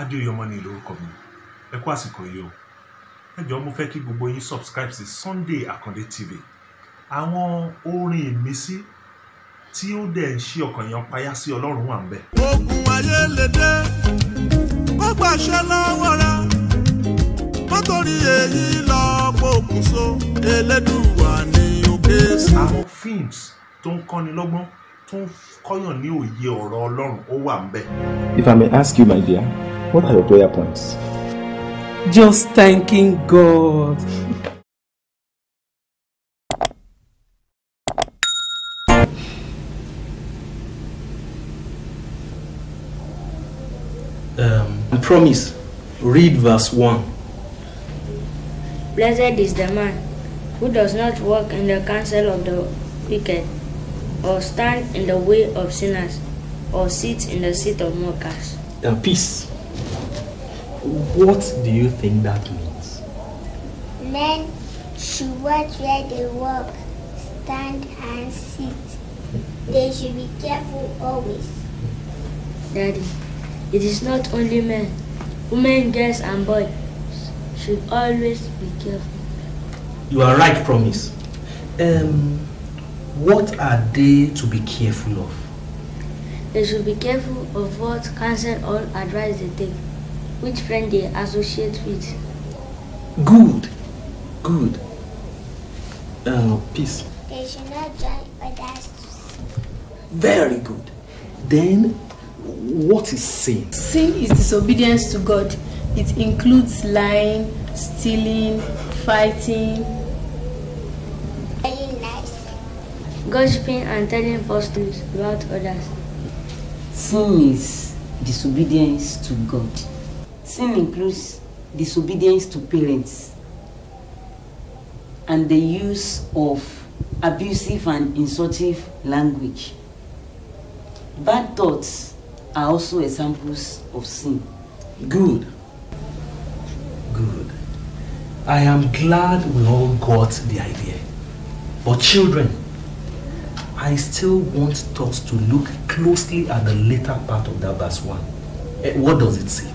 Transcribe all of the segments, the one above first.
adéyọmọ ni lórúkọ mi ẹ kú àsìkò yìí o ẹ jọ̀ọ́ mo fẹ́ kí gbogbo yín subscribe sí Sunday Akande TV àwọn orin ìmísí tí ó dẹ̀ ń ṣí ọkàn yẹn payá sí ọlọ́run wà ń bẹ̀. ogun ayé lè dé kó gbàṣẹ lọ́wọ́ ra kó torí èyí lọ pokùnso elédùwà ní òkè sí. àwọn films tó ń kọ́ni lọ́gbọ́n tó ń kọ́yàn ní òye ọ̀rọ̀ ọlọ́run ó wà ń bẹ̀. If I may ask you my dear. What are your prayer points? Just thanking God. Um, I promise, read verse 1. Blessed is the man who does not walk in the counsel of the wicked, or stand in the way of sinners, or sit in the seat of mockers. Uh, peace What do you think that means? Men should watch where they walk, stand and sit. They should be careful always. Daddy, it is not only men. Women, girls and boys should always be careful. You are right, Promise. Um, what are they to be careful of? They should be careful of what counsel or advice they take. which friend they associate with. Good, good. Uh, peace. They should not join others to sin. Very good. Then, what is sin? Sin is disobedience to God. It includes lying, stealing, fighting. Very nice. Gossiping and telling false things about others. Sin is disobedience to God. Sin includes disobedience to parents and the use of abusive and insultive language. Bad thoughts are also examples of sin. Good. Good. I am glad we all got the idea. But children, I still want us to look closely at the later part of that verse 1. Eh, what does it say?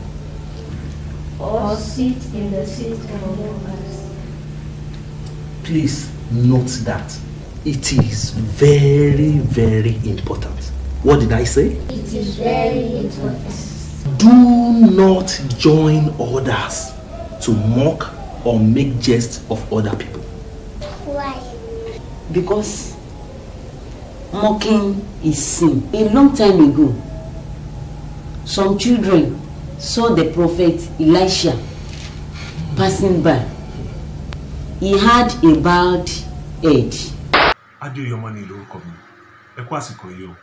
or sit in the seat of lovers. Please note that it is very, very important. What did I say? It is very important. Do not join others to mock or make jest of other people. Why? Because mocking is sin. A long time ago, some children saw the prophet Elisha passing by. He had a bald head. Adéyọmọ ni lórúkọ mi. Ẹ kú àsìkò yìí o.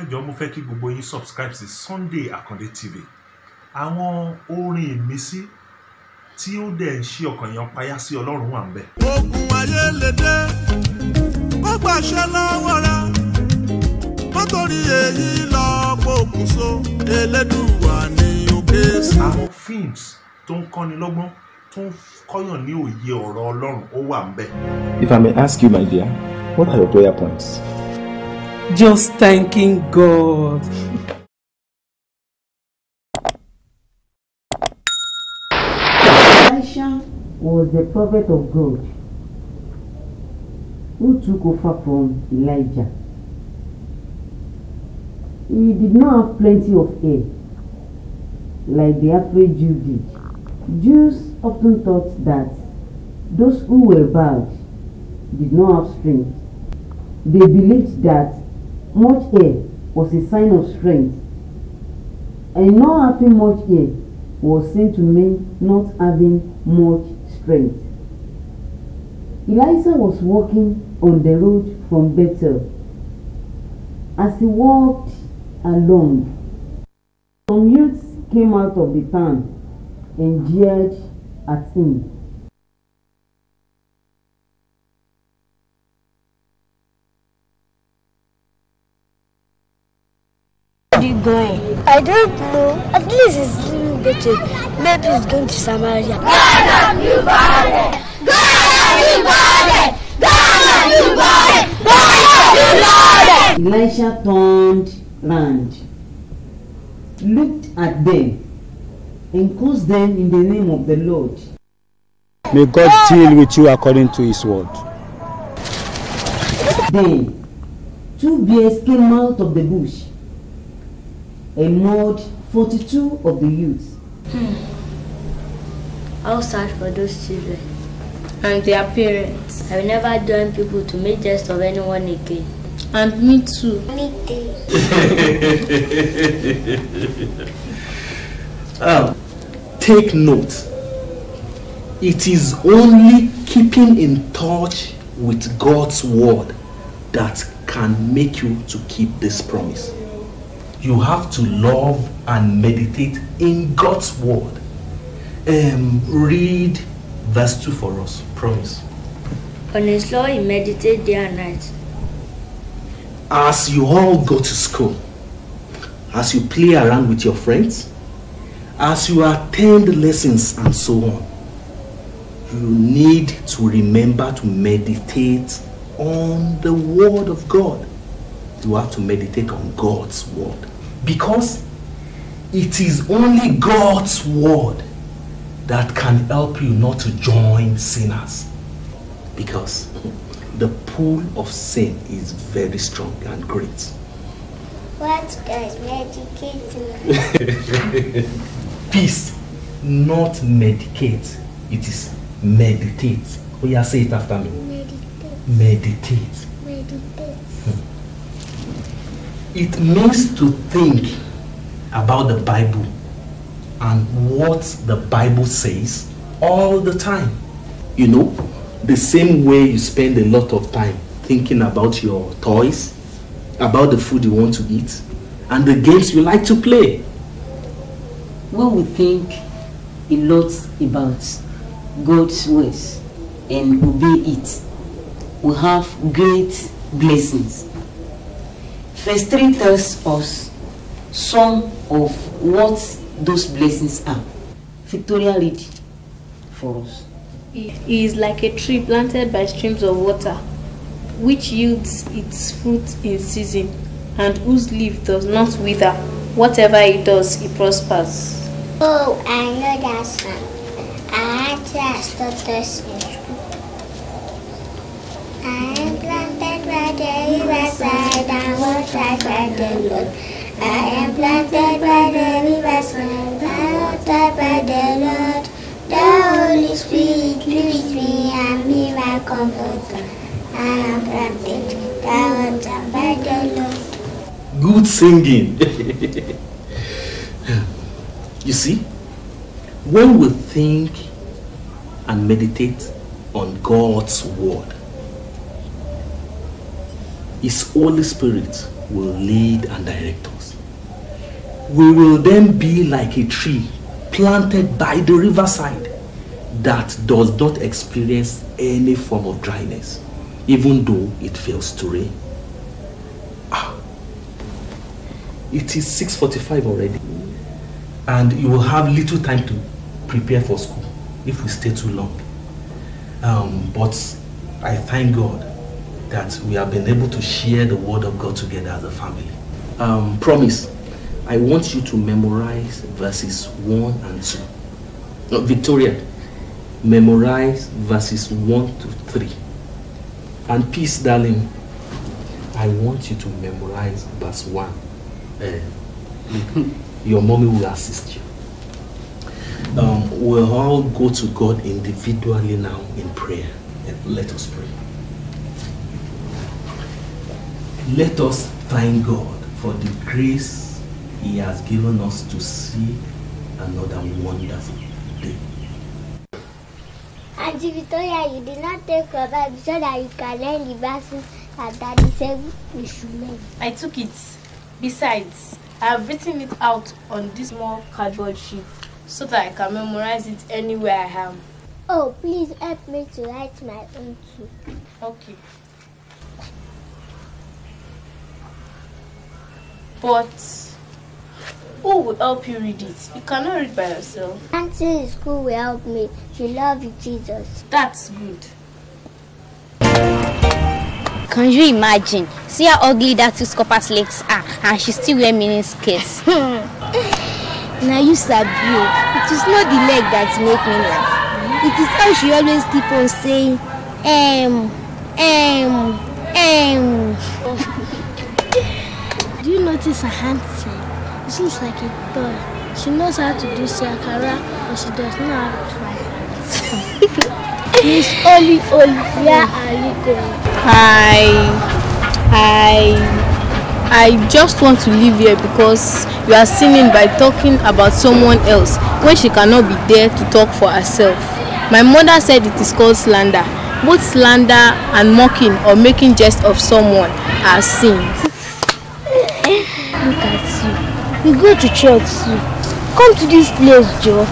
Ẹ mo fẹ́ kí gbogbo yín subscribe sí Sunday Akande TV. Àwọn orin ìmísí tí ó dẹ̀ ń ṣí ọkàn yẹn payá sí Ọlọ́run wà ń bẹ̀. Ogun ayé lè dé, kó gbàṣẹ lọ́wọ́ rẹ̀, kó torí èyí lọ pokùnso, elédùn wà ní àwọn films tó ń kọ́ni lọ́gbọ́n tó ń kọ́yàn ní òye ọ̀rọ̀ ọlọ́run ó wà ń bẹ. If I may ask you my dear what are your prayer points. Just thanking God. Elisha was the prophet of God who took over from Elijah. He did not have plenty of hair. like the average Jew did. Jews often thought that those who were bald did not have strength. They believed that much hair was a sign of strength, and not having much hair was seen to mean not having much strength. Eliza was walking on the road from Bethel. As he walked along, some youths came out of the town and jeered at him. Going. I don't know. At least it's little better. Maybe it's going to Samaria. God Ghana, you body! Ghana, you body! Ghana, you body! Boy, you Elisha turned round looked at them and cursed them in the name of the Lord. May God deal with you according to his word. Then two bears came out of the bush and mauled 42 of the youths. Hmm. I'll search for those children and their parents. I will never join people to make jest of anyone again. And me too. Me too. um, take note. It is only keeping in touch with God's word that can make you to keep this promise. You have to love and meditate in God's word. Um, read verse 2 for us. Promise. On his law he meditated day and night as you all go to school, as you play around with your friends, as you attend lessons and so on, you need to remember to meditate on the Word of God. You have to meditate on God's Word because it is only God's Word that can help you not to join sinners. Because the pull of sin is very strong and great. What does medicate mean? Peace, not medicate. It is meditate. Oh yeah, say it after me. Meditate. Meditate. Meditate. It means to think about the Bible and what the Bible says all the time. You know, the same way you spend a lot of time thinking about your toys, about the food you want to eat, and the games you like to play. When we think a lot about God's ways and obey it, we have great blessings. Verse 3 tells us some of what those blessings are. Victoria read for us is like a tree planted by streams of water, which yields its fruit in season, and whose leaf does not wither. Whatever it does, it prospers. Oh, I know that song. I actually has this us in school. I am planted by the riverside and water by the Lord. I am planted by the riverside and watered by the Lord. The Holy Spirit leads me and me, my comforter, I'm protected. The words are by the Lord. Good singing. you see, when we think and meditate on God's word, His Holy Spirit will lead and direct us. We will then be like a tree planted by the riverside that does not experience any form of dryness, even though it fails to rain. Ah, it is 6.45 already and you will have little time to prepare for school if we stay too long. Um, but I thank God that we have been able to share the word of God together as a family. Um, promise, I want you to memorize verses 1 and 2. No, Victoria, memorize verses 1 to 3. And peace, darling, I want you to memorize verse 1. Uh, your mommy will assist you. Um, we'll all go to God individually now in prayer. And eh, let us pray. Let us thank God for the grace He has given us to see another wonderful day. Auntie Victoria, you did not take your Bible so that you can learn the verses that Daddy said we should learn. I took it. Besides, I have written it out on this small cardboard sheet so that I can memorize it anywhere I am. Oh, please help me to write my own too. Okay. But Who will help you read it? You cannot read by yourself. Auntie in school will help me. She loves Jesus. That's good. Can you imagine? See how ugly that two scoppers legs are and she still wearing mini skirts. now you sabi It is not the leg that make me laugh. It is how she always keep on saying, um, um, um. Do you notice her handsome? It seems like a toy. She knows how to do sakara, but she does not have to. Miss Oli Oli, where are you going? I, I, I just want to leave here because you are sinning by talking about someone else when she cannot be there to talk for herself. My mother said it is called slander. Both slander and mocking or making jest of someone are sins. Look at you. We go to church soon. Come to this place, Joe.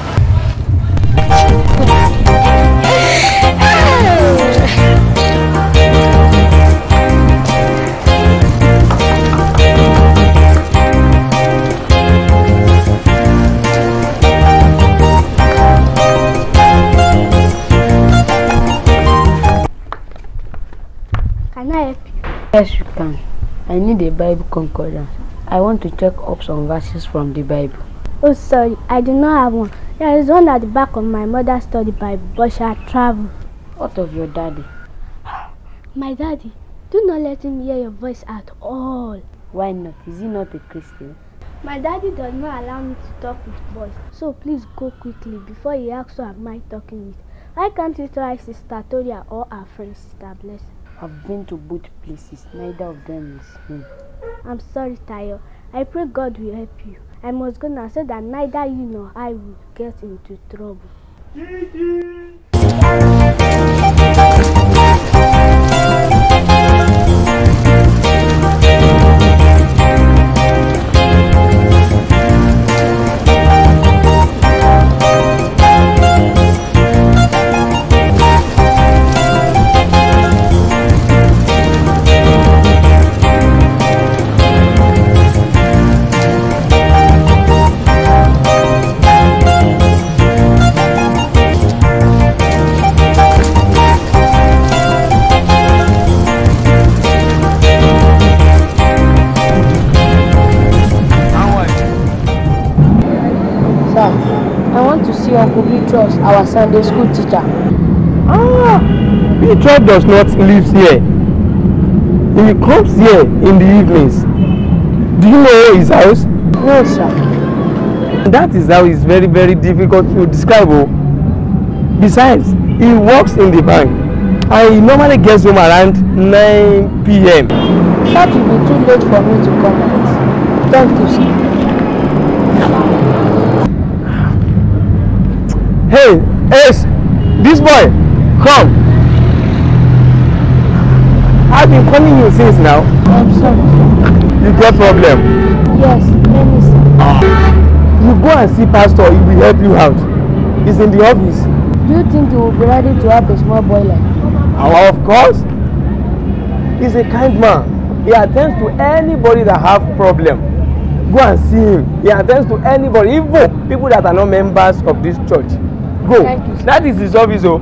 Can I help you? Yes, you can. I need a Bible concordance. I want to check up some verses from the Bible. Oh, sorry, I do not have one. There is one at the back of my mother's study Bible, but she had traveled. What of your daddy? my daddy, do not let him hear your voice at all. Why not? Is he not a Christian? My daddy does not allow me to talk with boys, so please go quickly before he asks who am I talking with. Why can't you try Sister Toria or our friend Sister Bless? I've been to both places, neither of them is him. I'm sorry, Tayo. I pray God will help you. I must go now so that neither you nor I will get into trouble. Gigi. our Sunday school teacher. Ah, Peter does not live here. He comes here in the evenings. Do you know his house? No, sir. That is how it's very, very difficult to describe. Oh. Besides, he works in the bank. I normally get home around 9 p.m. That will be too late for me to comment. Thank you, sir. Ace, this boy, come. I've been calling you since now. I'm sorry. You got problem? Yes, let me see. Ah. You go and see pastor, he will help you out. He's in the office. Do you think he will be ready to help a small boy like you? Oh, of course. He's a kind man. He attends to anybody that have problem go and see him he attends to anybody even people that are not members of this church Go. That is his office, oh.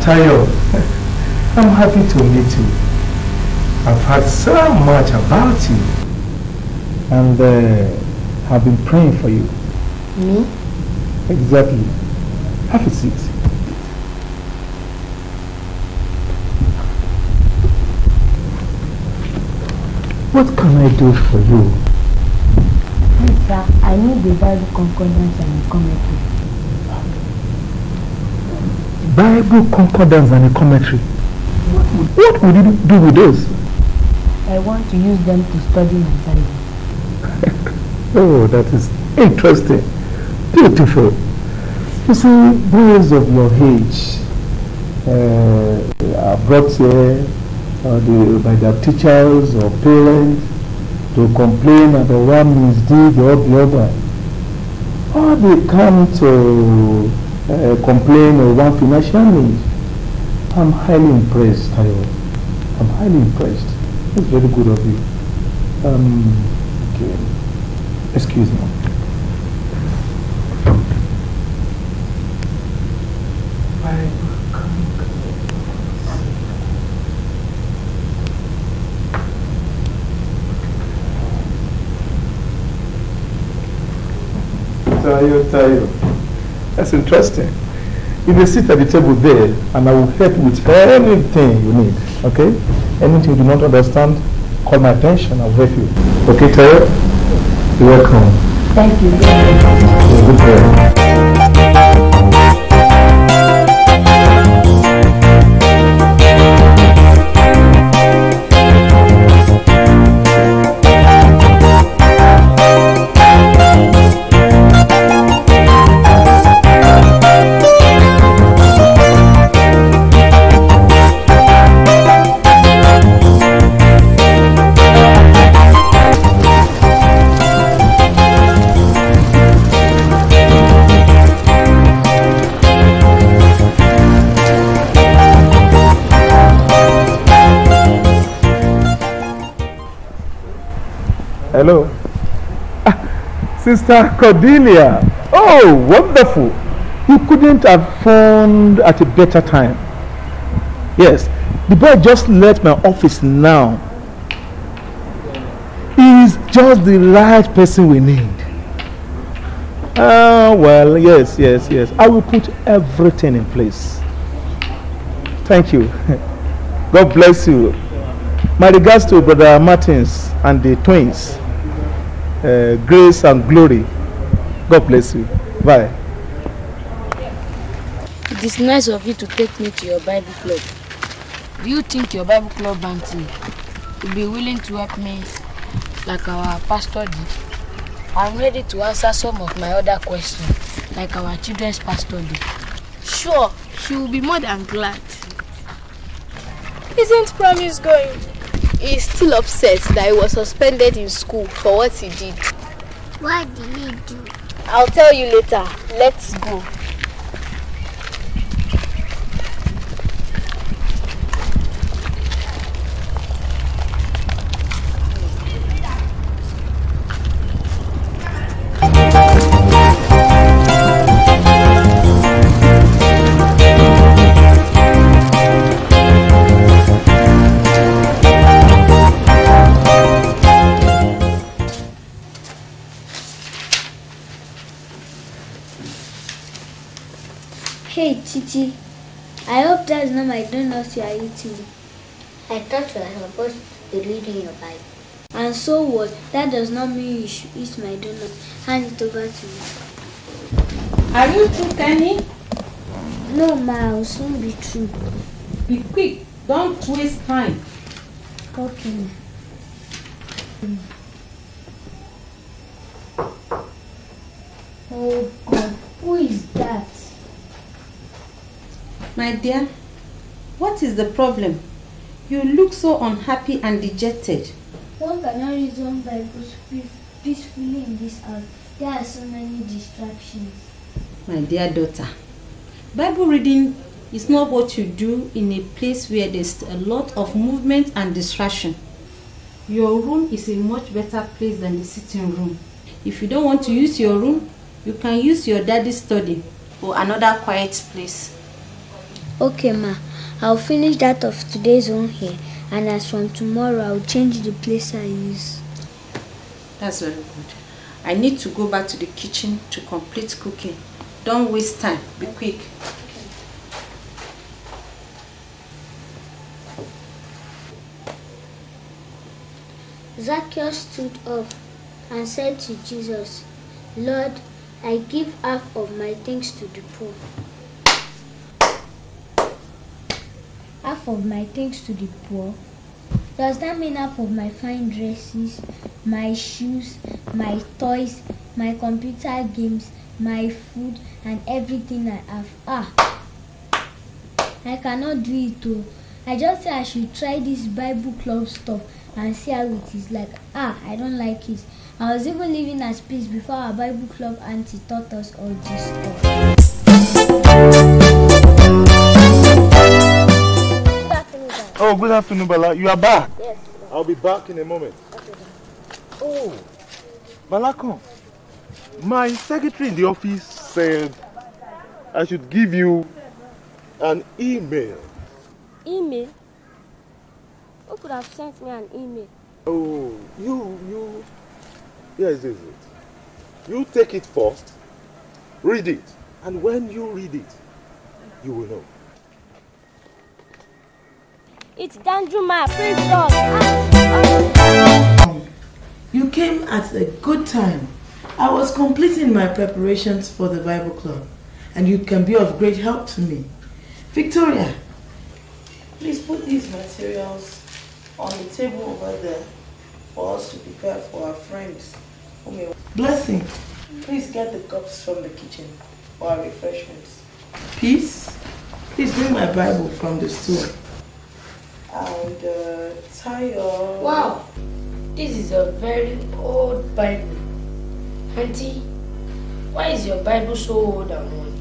Tayo, I'm happy to meet you. I've heard so much about you. And uh, I've been praying for you. Me? Exactly. Have a seat. What can I do for you? sir, I need the Bible concordance and commentary. Bible concordance and a commentary? What would you do with those? I want to use them to study my Bible. oh, that is interesting. Beautiful. You see, boys of your age uh, are brought here uh, the, by their teachers or parents to complain about one misdeed or the other. Or they come to uh, complain of one financial need. I'm highly impressed, Tayo. I'm highly impressed. It's very good of you. Um, okay. Excuse me. Bye. I will That's interesting. You may sit at the table there, and I will help you with anything you need. Okay? Anything you do not understand, call my attention, I'll help you. Okay, Claire? You're welcome. Thank you. good day. Sister Cordelia. Oh, wonderful. You couldn't have phoned at a better time. Yes, the boy just left my office now. He is just the right person we need. Ah, uh, well, yes, yes, yes. I will put everything in place. Thank you. God bless you. My regards to Brother Martins and the twins. uh, grace and glory. God bless you. Bye. It is nice of you to take me to your Bible club. Do you think your Bible club auntie will be willing to help me like our pastor did? I'm ready to answer some of my other questions like our children's pastor did. Sure, she will be more than glad. Isn't promise going? He is still upset that he was suspended in school for what he did. What did he do? I'll tell you later. Let's go. Hey, Chichi. I hope that's not my donuts you are eating. I thought you were supposed to be reading your Bible. And so what? That does not mean you should eat my donut. Hand it over to me. Are you too Kenny? No, ma. I'll soon be true. Be quick. Don't waste time. Okay. Hmm. Oh. My dear, what is the problem? You look so unhappy and dejected. One cannot reason by peacefully in this house. There are so many distractions. My dear daughter, Bible reading is not what you do in a place where there's a lot of movement and distraction. Your room is a much better place than the sitting room. If you don't want to use your room, you can use your daddy's study or another quiet place. Okay, ma. I'll finish that of today's own here. And as from tomorrow, I'll change the place I use. That's very good. I need to go back to the kitchen to complete cooking. Don't waste time. Be quick. Zacchaeus stood up and said to Jesus, Lord, I give half of my things to the poor. half of my things to the poor? Does that mean half of my fine dresses, my shoes, my toys, my computer games, my food, and everything I have? Ah! I cannot do it oh. I just say I should try this Bible club stuff and see how it is like. Ah, I don't like it. I was even living at space before our Bible club auntie taught us all this stuff. Oh, good afternoon, Bala. You are back? Yes. I'll be back in a moment. Okay. Oh, Balakon, my secretary in the office said I should give you an email. Email? Who could have sent me an email? Oh, you, you, yes, is it? You take it first, read it, and when you read it, you will know. It's Danjuma, praise God. You came at a good time. I was completing my preparations for the Bible Club, and you can be of great help to me. Victoria, please put these materials on the table over there for us to prepare for our friends. Blessing, please get the cups from the kitchen for our refreshments. Peace, please bring my Bible from the store and uh, Tayo. Wow, this is a very old Bible. Auntie, why is your Bible so old and worn?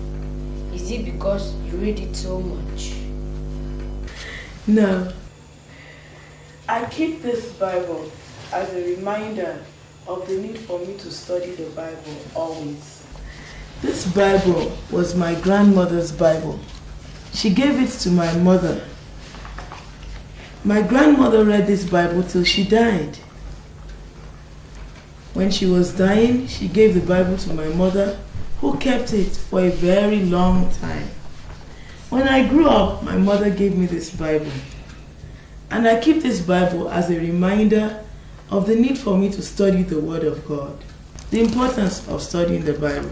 Is it because you read it so much? No. I keep this Bible as a reminder of the need for me to study the Bible always. This Bible was my grandmother's Bible. She gave it to my mother my grandmother read this Bible till she died. When she was dying, she gave the Bible to my mother, who kept it for a very long time. When I grew up, my mother gave me this Bible. And I keep this Bible as a reminder of the need for me to study the Word of God, the importance of studying the Bible.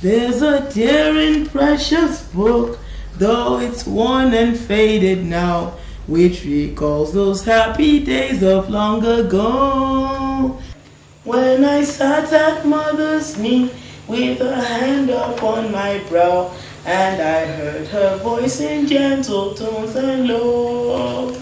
There's a dear and precious book, though it's worn and faded now which recalls those happy days of long ago. When I sat at mother's knee with her hand upon my brow, and I heard her voice in gentle tones and low.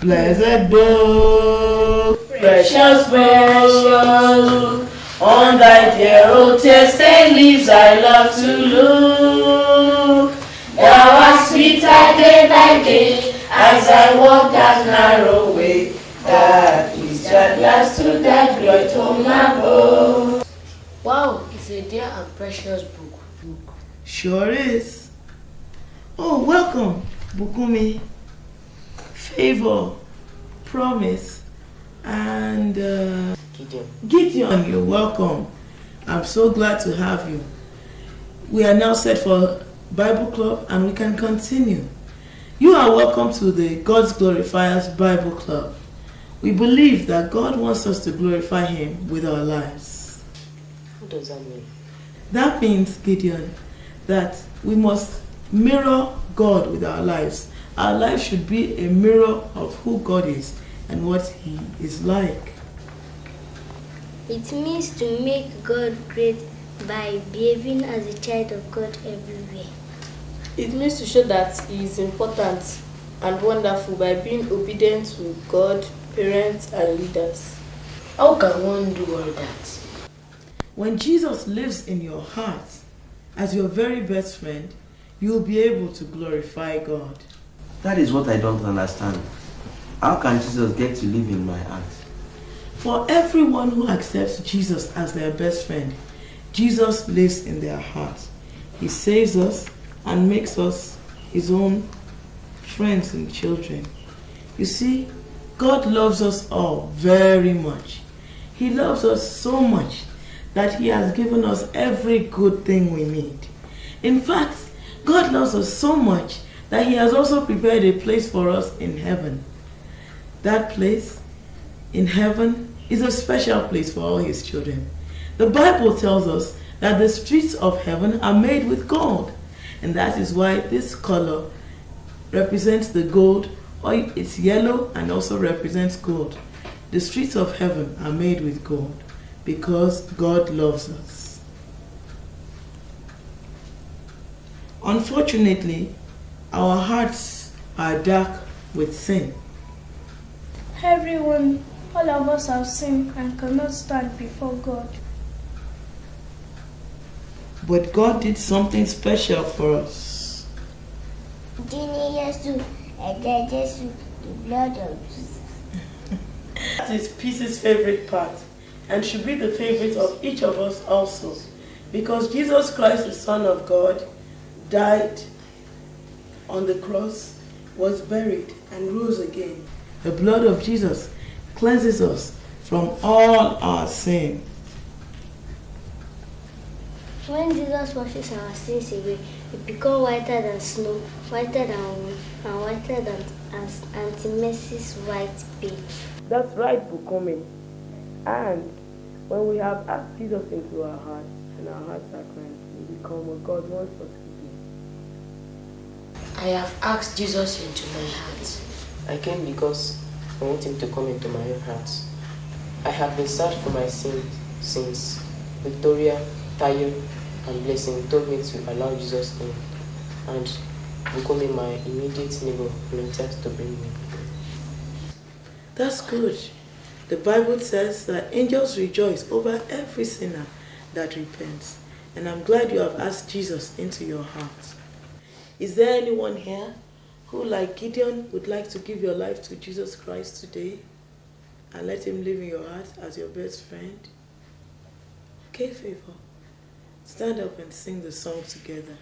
Blessed book, precious book, on thy dear old tested leaves I love to look. Thou art sweeter day by day. As I walk that narrow way, that is that last to that glory to my bow. Wow, it's a dear and precious book. book. Sure is. Oh, welcome, Bukumi. Favor, promise, and uh, Gideon. Gideon, you're welcome. I'm so glad to have you. We are now set for Bible Club and we can continue. You are welcome to the God's Glorifiers Bible Club. We believe that God wants us to glorify Him with our lives. What does that mean? That means, Gideon, that we must mirror God with our lives. Our life should be a mirror of who God is and what He is like. It means to make God great by behaving as a child of God everywhere. It means to show that he is important and wonderful by being obedient to God, parents, and leaders. How can one do all that? When Jesus lives in your heart as your very best friend, you'll be able to glorify God. That is what I don't understand. How can Jesus get to live in my heart? For everyone who accepts Jesus as their best friend, Jesus lives in their heart. He saves us and makes us his own friends and children. You see, God loves us all very much. He loves us so much that he has given us every good thing we need. In fact, God loves us so much that he has also prepared a place for us in heaven. That place in heaven is a special place for all his children. The Bible tells us that the streets of heaven are made with gold and that is why this color represents the gold or it's yellow and also represents gold. The streets of heaven are made with gold because God loves us. Unfortunately, our hearts are dark with sin. Everyone, all of us have sinned and cannot stand before God. But God did something special for us. that is Peace's favorite part and should be the favorite of each of us also. Because Jesus Christ, the Son of God, died on the cross, was buried, and rose again. The blood of Jesus cleanses us from all our sin. When Jesus washes our sins away, it becomes whiter than snow, whiter than wool, and whiter than Antimesis white pale. That's right, coming. And when we have asked Jesus into our hearts and our hearts are cleansed, we become what God wants us to be. I have asked Jesus into my heart. I came because I want him to come into my own heart. I have been searched for my sins since Victoria, Tayo, and blessing told me to allow Jesus in and me my immediate neighbor volunteers to bring me. That's good. The Bible says that angels rejoice over every sinner that repents. And I'm glad you have asked Jesus into your heart. Is there anyone here who, like Gideon, would like to give your life to Jesus Christ today and let him live in your heart as your best friend? Okay, favor. Stand up and sing the song together.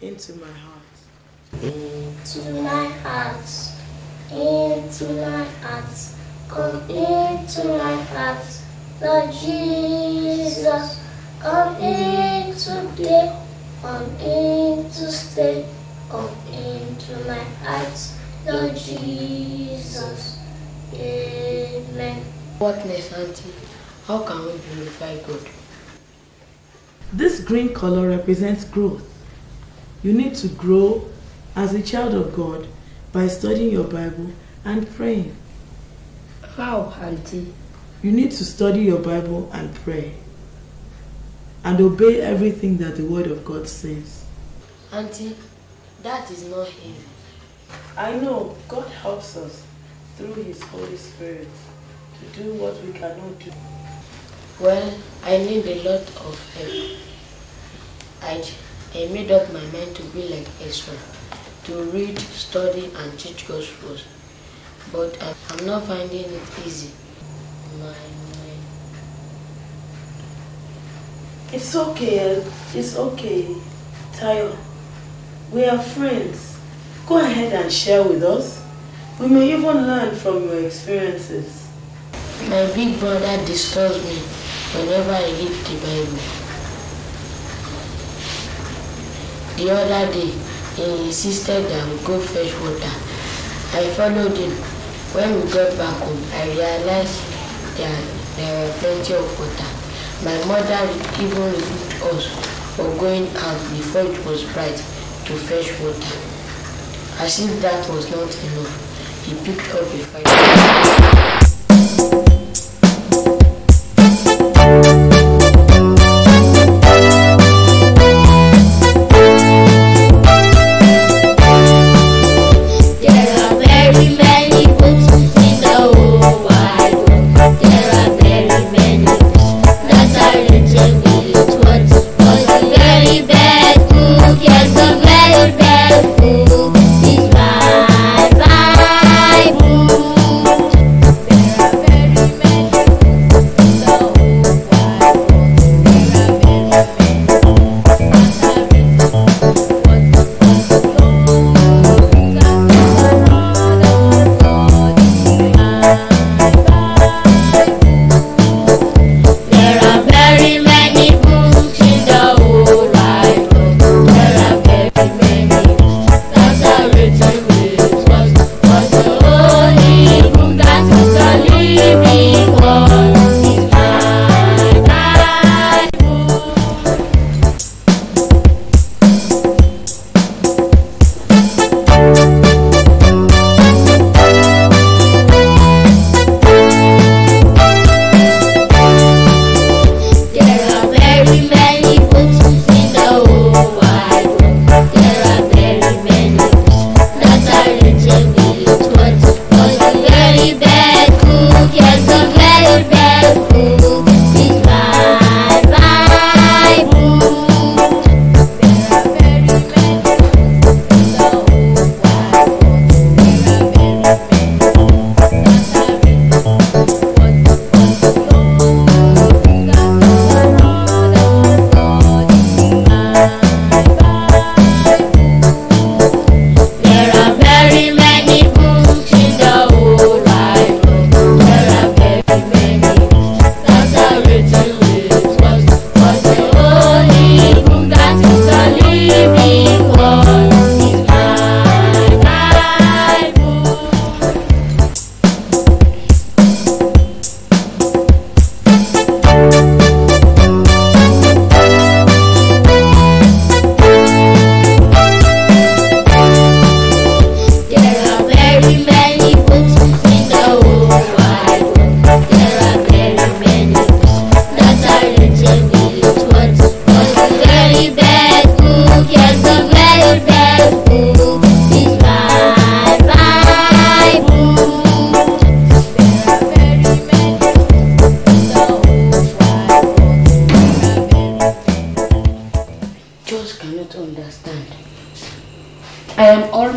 Into my heart. Into my heart. Into my heart. Come into my heart. Lord Jesus. Come into today. Come into stay. Come into my heart. Lord Jesus. Amen. What next, Auntie? How can we glorify God? This green color represents growth. You need to grow as a child of God by studying your Bible and praying. How, Auntie? You need to study your Bible and pray and obey everything that the Word of God says. Auntie, that is not him. I know God helps us through His Holy Spirit to do what we cannot do. Well, I need a lot of help. I, I made up my mind to be like Ezra, to read, study, and teach Gospels. But I'm, I'm not finding it easy. My, my... It's okay, it's okay, Tayo. We are friends. Go ahead and share with us. We may even learn from your experiences. My big brother disturbs me whenever I read the Bible. The other day, he insisted that we go fetch water. I followed him. When we got back home, I realized that there were plenty of water. My mother even rebuked us for going out before it was bright to fetch water. As if that was not enough, he picked up a fire.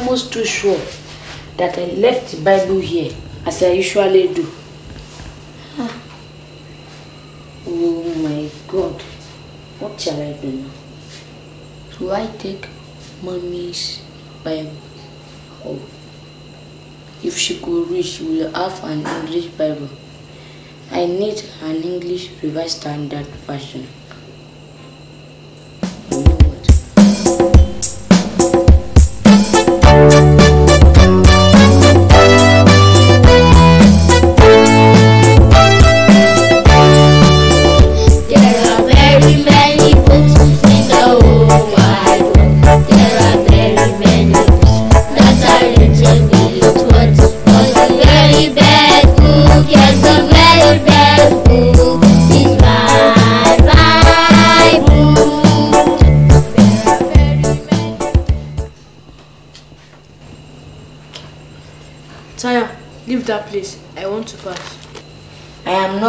almost too sure that I left the Bible here as I usually do. Huh. Hmm. Oh my God. What shall I do now? Do I take mommy's Bible? home? Oh. If she could read, she will have an English Bible. I need an English Revised Standard Version.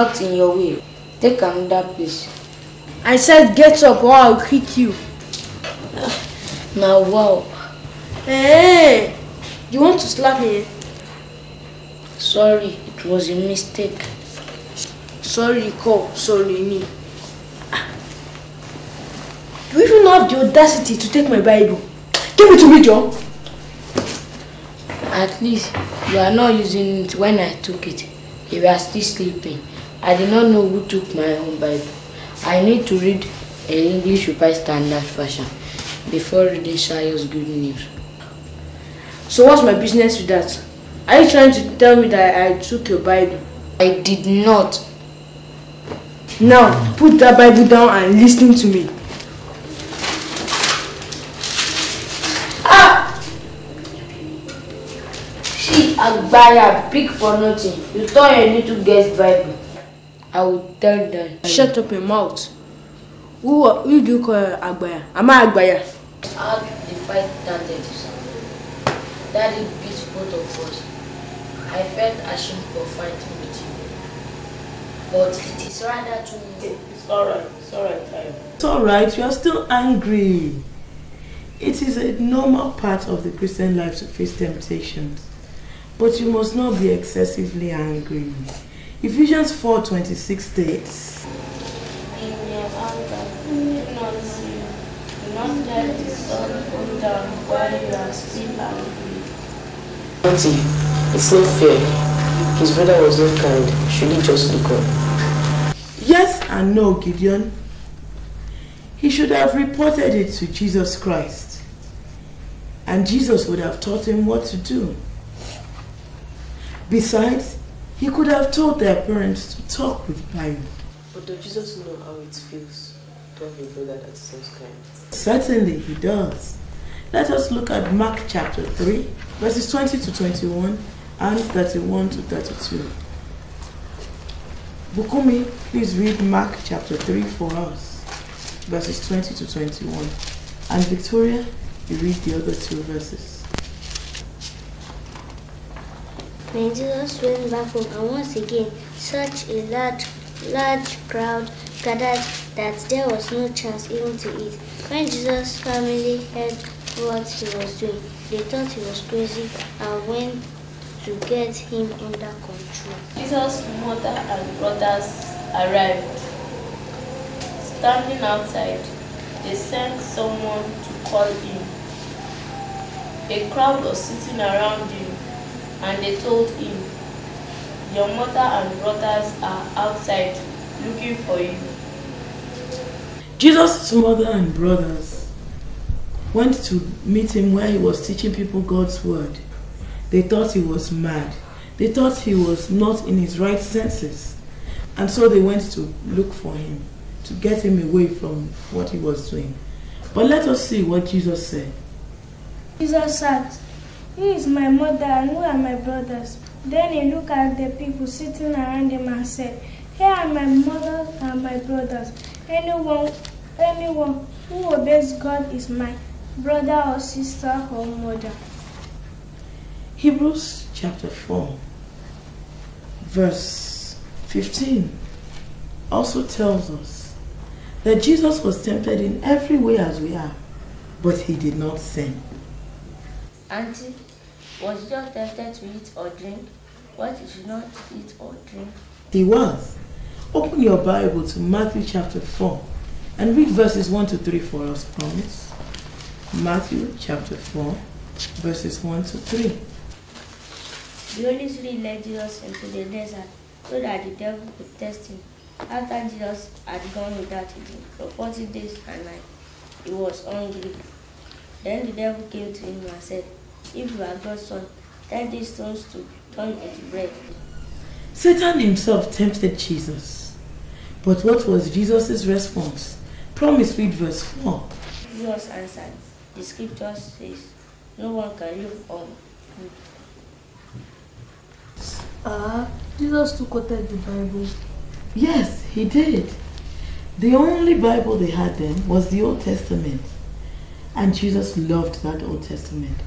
not in your way. Take another place. I said get up or I'll kick you. Now wow. Hey, you want to slap me? Sorry, it was a mistake. Sorry, call. Sorry, me. Do you even have the audacity to take my Bible? Give it to me, John. At least you are not using it when I took it. You are still sleeping. I did not know who took my own Bible. I need to read an English Revised Standard Version before reading Shayo's good news. So what's my business with that? Are you trying to tell me that I took your Bible? I did not. Now, put that Bible down and listen to me. buy ah! a big for nothing you thought you need to get bible I will tell them. Shut up your mouth. Who, who do you call Agbaya? Am I Agbaya? How the fight started. Daddy beat both of us. I felt ashamed for fighting with you. But it is rather to me. It's alright. It's alright. It's alright. You are still angry. It is a normal part of the Christian life to face temptations. But you must not be excessively angry. Ephesians 4.26 states, Auntie, it's not fair. His brother was not kind. Should he just look up? Yes and no, Gideon. He should have reported it to Jesus Christ. And Jesus would have taught him what to do. Besides, he could have told their parents to talk with Bayo. But does Jesus know how it feels to have a brother that is kind? Certainly he does. Let us look at Mark chapter 3, verses 20 to 21 and 31 to 32. Bukumi, please read Mark chapter 3 for us, verses 20 to 21. And Victoria, you read the other two verses. When Jesus went back home once again such a large, large crowd gathered that there was no chance even to eat. When Jesus' family heard what he was doing, they thought he was crazy and went to get him under control. Jesus' mother and brothers arrived. Standing outside, they sent someone to call him. A crowd was sitting around him and they told him, Your mother and brothers are outside looking for you. Jesus' mother and brothers went to meet him where he was teaching people God's word. They thought he was mad. They thought he was not in his right senses. And so they went to look for him, to get him away from what he was doing. But let us see what Jesus said. Jesus said, he is my mother and who are my brothers? Then he looked at the people sitting around him and said, Here are my mother and my brothers. Anyone, anyone who obeys God is my brother or sister or mother. Hebrews chapter 4, verse 15 also tells us that Jesus was tempted in every way as we are, but he did not sin. Auntie, was John tempted to eat or drink? What he should not eat or drink? He was. Open your Bible to Matthew chapter 4 and read verses 1 to 3 for us, promise. Matthew chapter 4, verses 1 to 3. The Holy Spirit led Jesus into the desert so that the devil could test him. After Jesus had gone without eating for 40 days and nights, he was hungry. Then the devil came to him and said, if you are God's son, turn these stones to turn into bread. Satan himself tempted Jesus. But what was Jesus' response? Promise read verse 4. Jesus answered, The scripture says, No one can live on food. Ah, uh, Jesus too quoted the Bible. Yes, he did. The only Bible they had then was the Old Testament. And Jesus loved that Old Testament.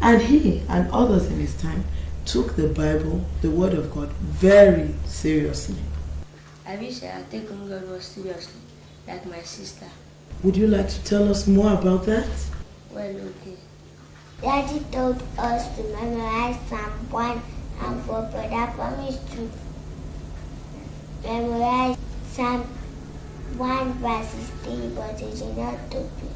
And he and others in his time took the Bible, the Word of God, very seriously. I wish I had taken God more seriously, like my sister. Would you like to tell us more about that? Well, okay. Daddy told us to memorize Psalm 1 and for I promised to memorize Psalm 1 verses 3, but he did not do it.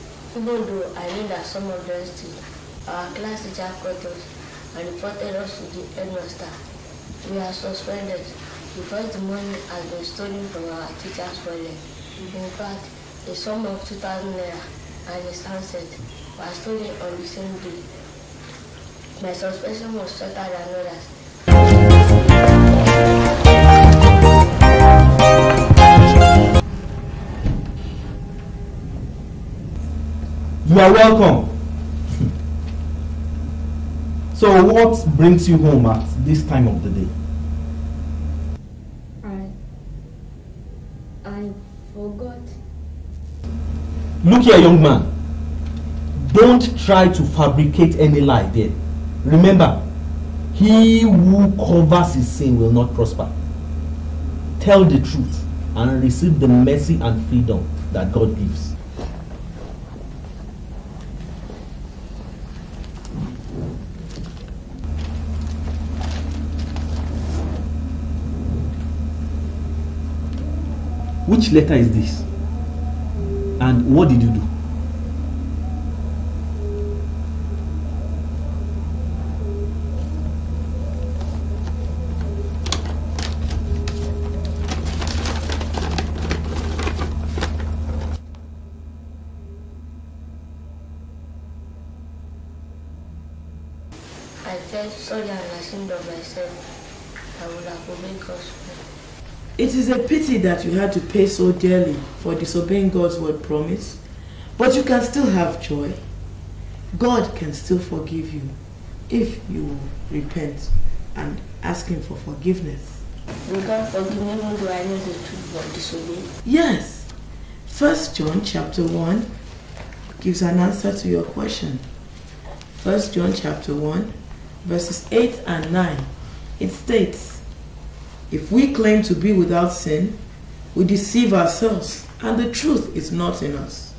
Even though I know that some of them still, our class teacher caught us and reported us to the headmaster. We are suspended because the money has been stolen from our teacher's wallet. In fact, a sum of 2,000 naira and his handset were stolen on the same day. My suspension was shorter than others You are welcome. so, what brings you home at this time of the day? I, I forgot. Look here, young man. Don't try to fabricate any lie there. Remember, he who covers his sin will not prosper. Tell the truth and receive the mercy and freedom that God gives. Which letter is this? And what did you do? it that you had to pay so dearly for disobeying God's word promise? But you can still have joy. God can still forgive you if you repent and ask Him for forgiveness. You can forgive me the truth Yes. First John chapter 1 gives an answer to your question. First John chapter 1 verses 8 and 9. It states if we claim to be without sin, we deceive ourselves and the truth is not in us.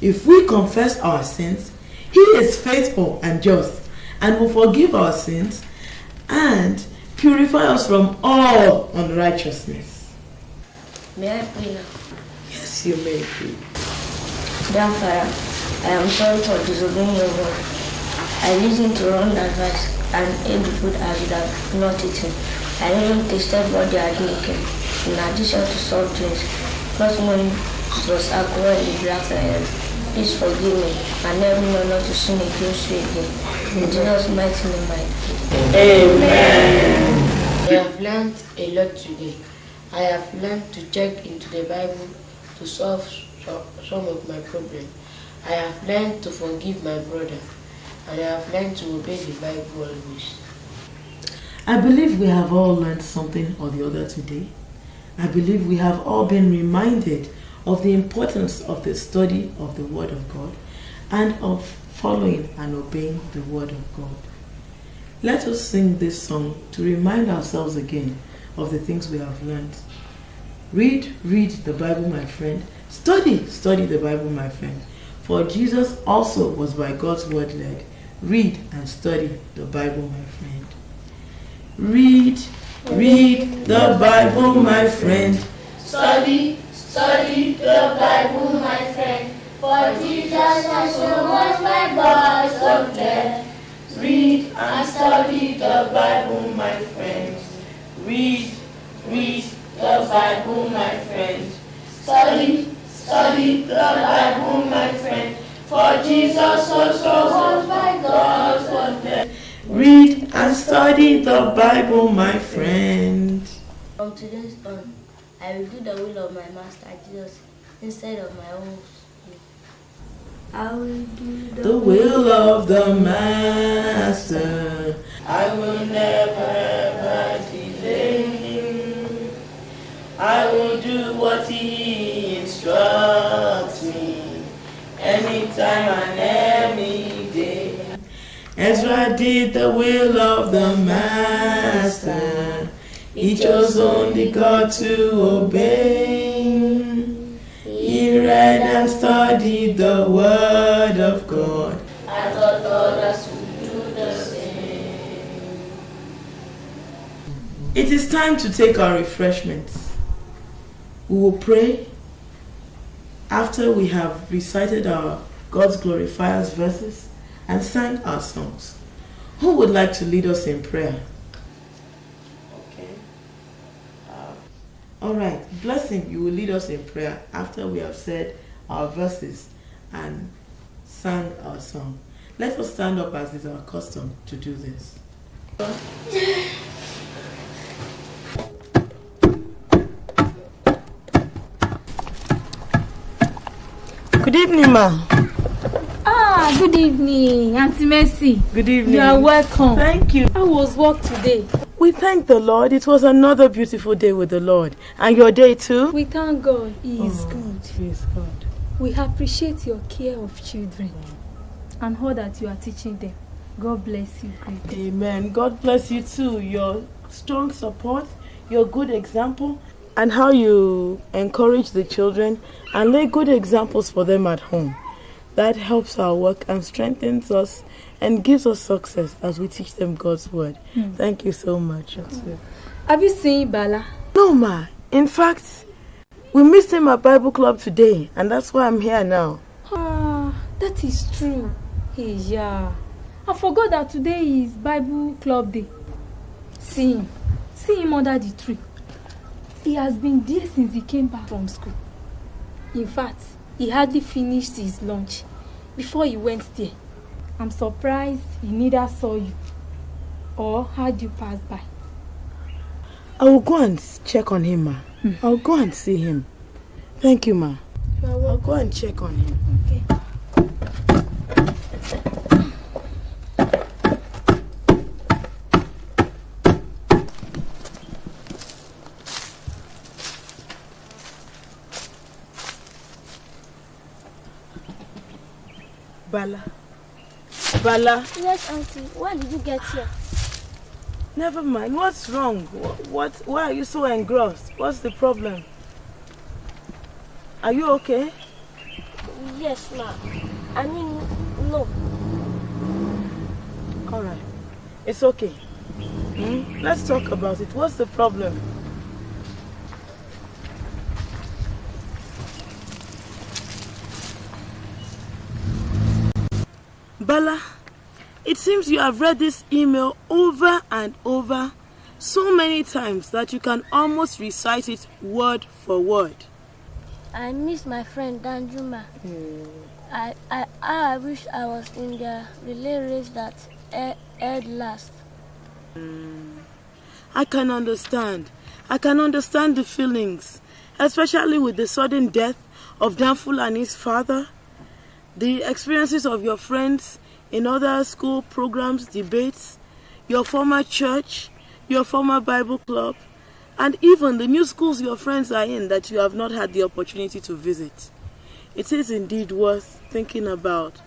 If we confess our sins, He is faithful and just and will forgive our sins and purify us from all unrighteousness. May I pray now? Yes, you may pray. Dear Father, I am sorry for disobeying your word. I listened to wrong advice and ate the food I should have not eaten. I Aluminium what they are making. In addition to soft drinks, not knowing was alcohol in the black oil. Please forgive me I never know not to sin against you again. In Jesus' mighty name, I Amen. I have learned a lot today. I have learned to check into the Bible to solve some of my problems. I have learned to forgive my brother, and I have learned to obey the Bible always. I believe we have all learned something or the other today. I believe we have all been reminded of the importance of the study of the Word of God and of following and obeying the Word of God. Let us sing this song to remind ourselves again of the things we have learned. Read, read the Bible, my friend. Study, study the Bible, my friend. For Jesus also was by God's word led. Read and study the Bible, my friend. Read, read the Bible, my friend. Study, study the Bible, my friend. For Jesus has so much my boss of death. Read and study the Bible, my friend. Read, read the Bible, my friend. Study, study the Bible, my friend. For Jesus also was my God from death. Read and study the Bible, my friend. From today on, I will do the will of my Master Jesus instead of my own. I will do the, the will of the Master. I will never ever delay him. I will do what he instructs me anytime and every as I did the will of the Master. He chose only God to obey. He read and studied the Word of God. I thought others would do the same. It is time to take our refreshments. We will pray after we have recited our God's glorifiers verses and sang our songs. Who would like to lead us in prayer? Okay. Uh, All right. Blessing, you will lead us in prayer after we have said our verses and sang our song. Let us stand up as is our custom to do this. Good evening, ma'am. Ah, good evening, Auntie Mercy. Good evening. You are welcome. Thank you. How was work today? We thank the Lord. It was another beautiful day with the Lord. And your day too? We thank God. He is oh, good. He is good. We appreciate your care of children and all that you are teaching them. God bless you. Greatly. Amen. God bless you too. Your strong support, your good example, and how you encourage the children and lay good examples for them at home that helps our work and strengthens us and gives us success as we teach them God's word. Mm. Thank you so much. Have you seen Bala? No, ma. In fact, we missed him at Bible Club today, and that's why I'm here now. Ah, that is true. Hey, yeah. I forgot that today is Bible Club Day. See him. See him under the tree. He has been there since he came back from school. In fact, He hardly finished his lunch before he went there. I'm surprised he neither saw you or had you pass by. I will go and check on him, ma. Mm. I'll go and see him. Thank you, ma. I'll go and check on him. Okay. Bala. Bala. Yes, auntie. When did you get here? Never mind. What's wrong? What, what? Why are you so engrossed? What's the problem? Are you okay? Yes, ma. I mean, no. All right. It's okay. Hmm? Let's talk about it. What's the problem? Bala, it seems you have read this email over and over so many times that you can almost recite it word for word. I miss my friend Danjuma. Mm. I, I, I wish I was in the relay race that aired last. Hmm. I can understand. I can understand the feelings, especially with the sudden death of Danful and his father the experiences of your friends in other school programs, debates, your former church, your former Bible club, and even the new schools your friends are in that you have not had the opportunity to visit. It is indeed worth thinking about.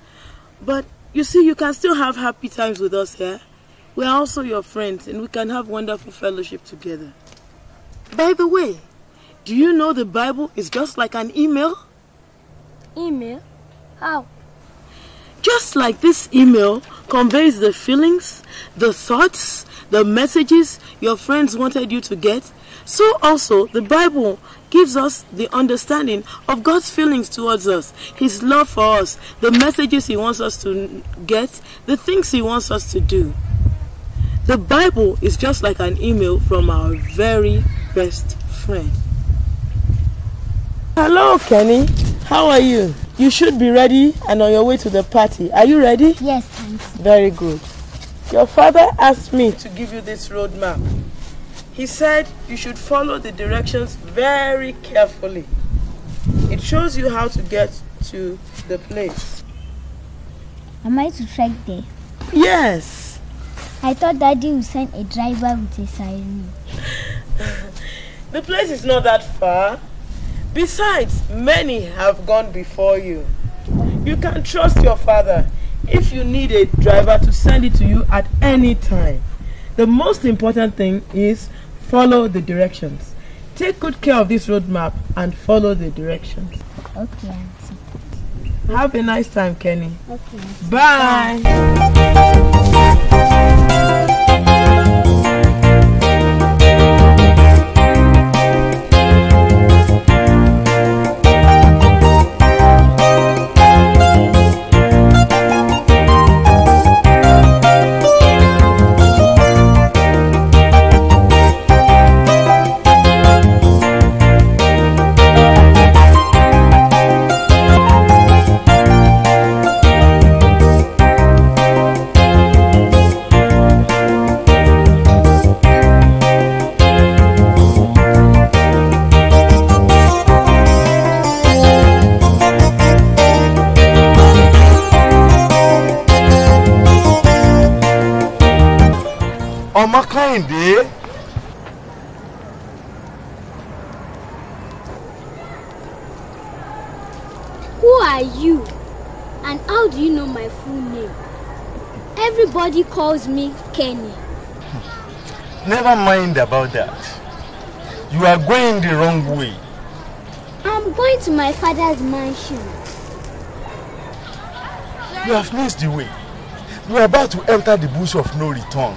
But you see, you can still have happy times with us here. We are also your friends and we can have wonderful fellowship together. By the way, do you know the Bible is just like an email? Email? How? Just like this email conveys the feelings, the thoughts, the messages your friends wanted you to get, so also the Bible gives us the understanding of God's feelings towards us, His love for us, the messages He wants us to get, the things He wants us to do. The Bible is just like an email from our very best friend. Hello, Kenny. How are you? You should be ready and on your way to the party. Are you ready? Yes, thanks. Very good. Your father asked me to give you this road map. He said you should follow the directions very carefully. It shows you how to get to the place. Am I to trek there? Yes. I thought daddy would send a driver with a siren. the place is not that far. Besides, many have gone before you. You can trust your father. If you need a driver to send it to you at any time, the most important thing is follow the directions. Take good care of this roadmap and follow the directions. Okay, Auntie. Have a nice time, Kenny. Okay. Bye. Bye. ọmọ kẹ́hìndé. Who are you? And how do you know my full name? Everybody calls me Kenny. Never mind about that. You are going the wrong way. I'm going to my father's mansion. You have missed the way. You are about to enter the bush of no return.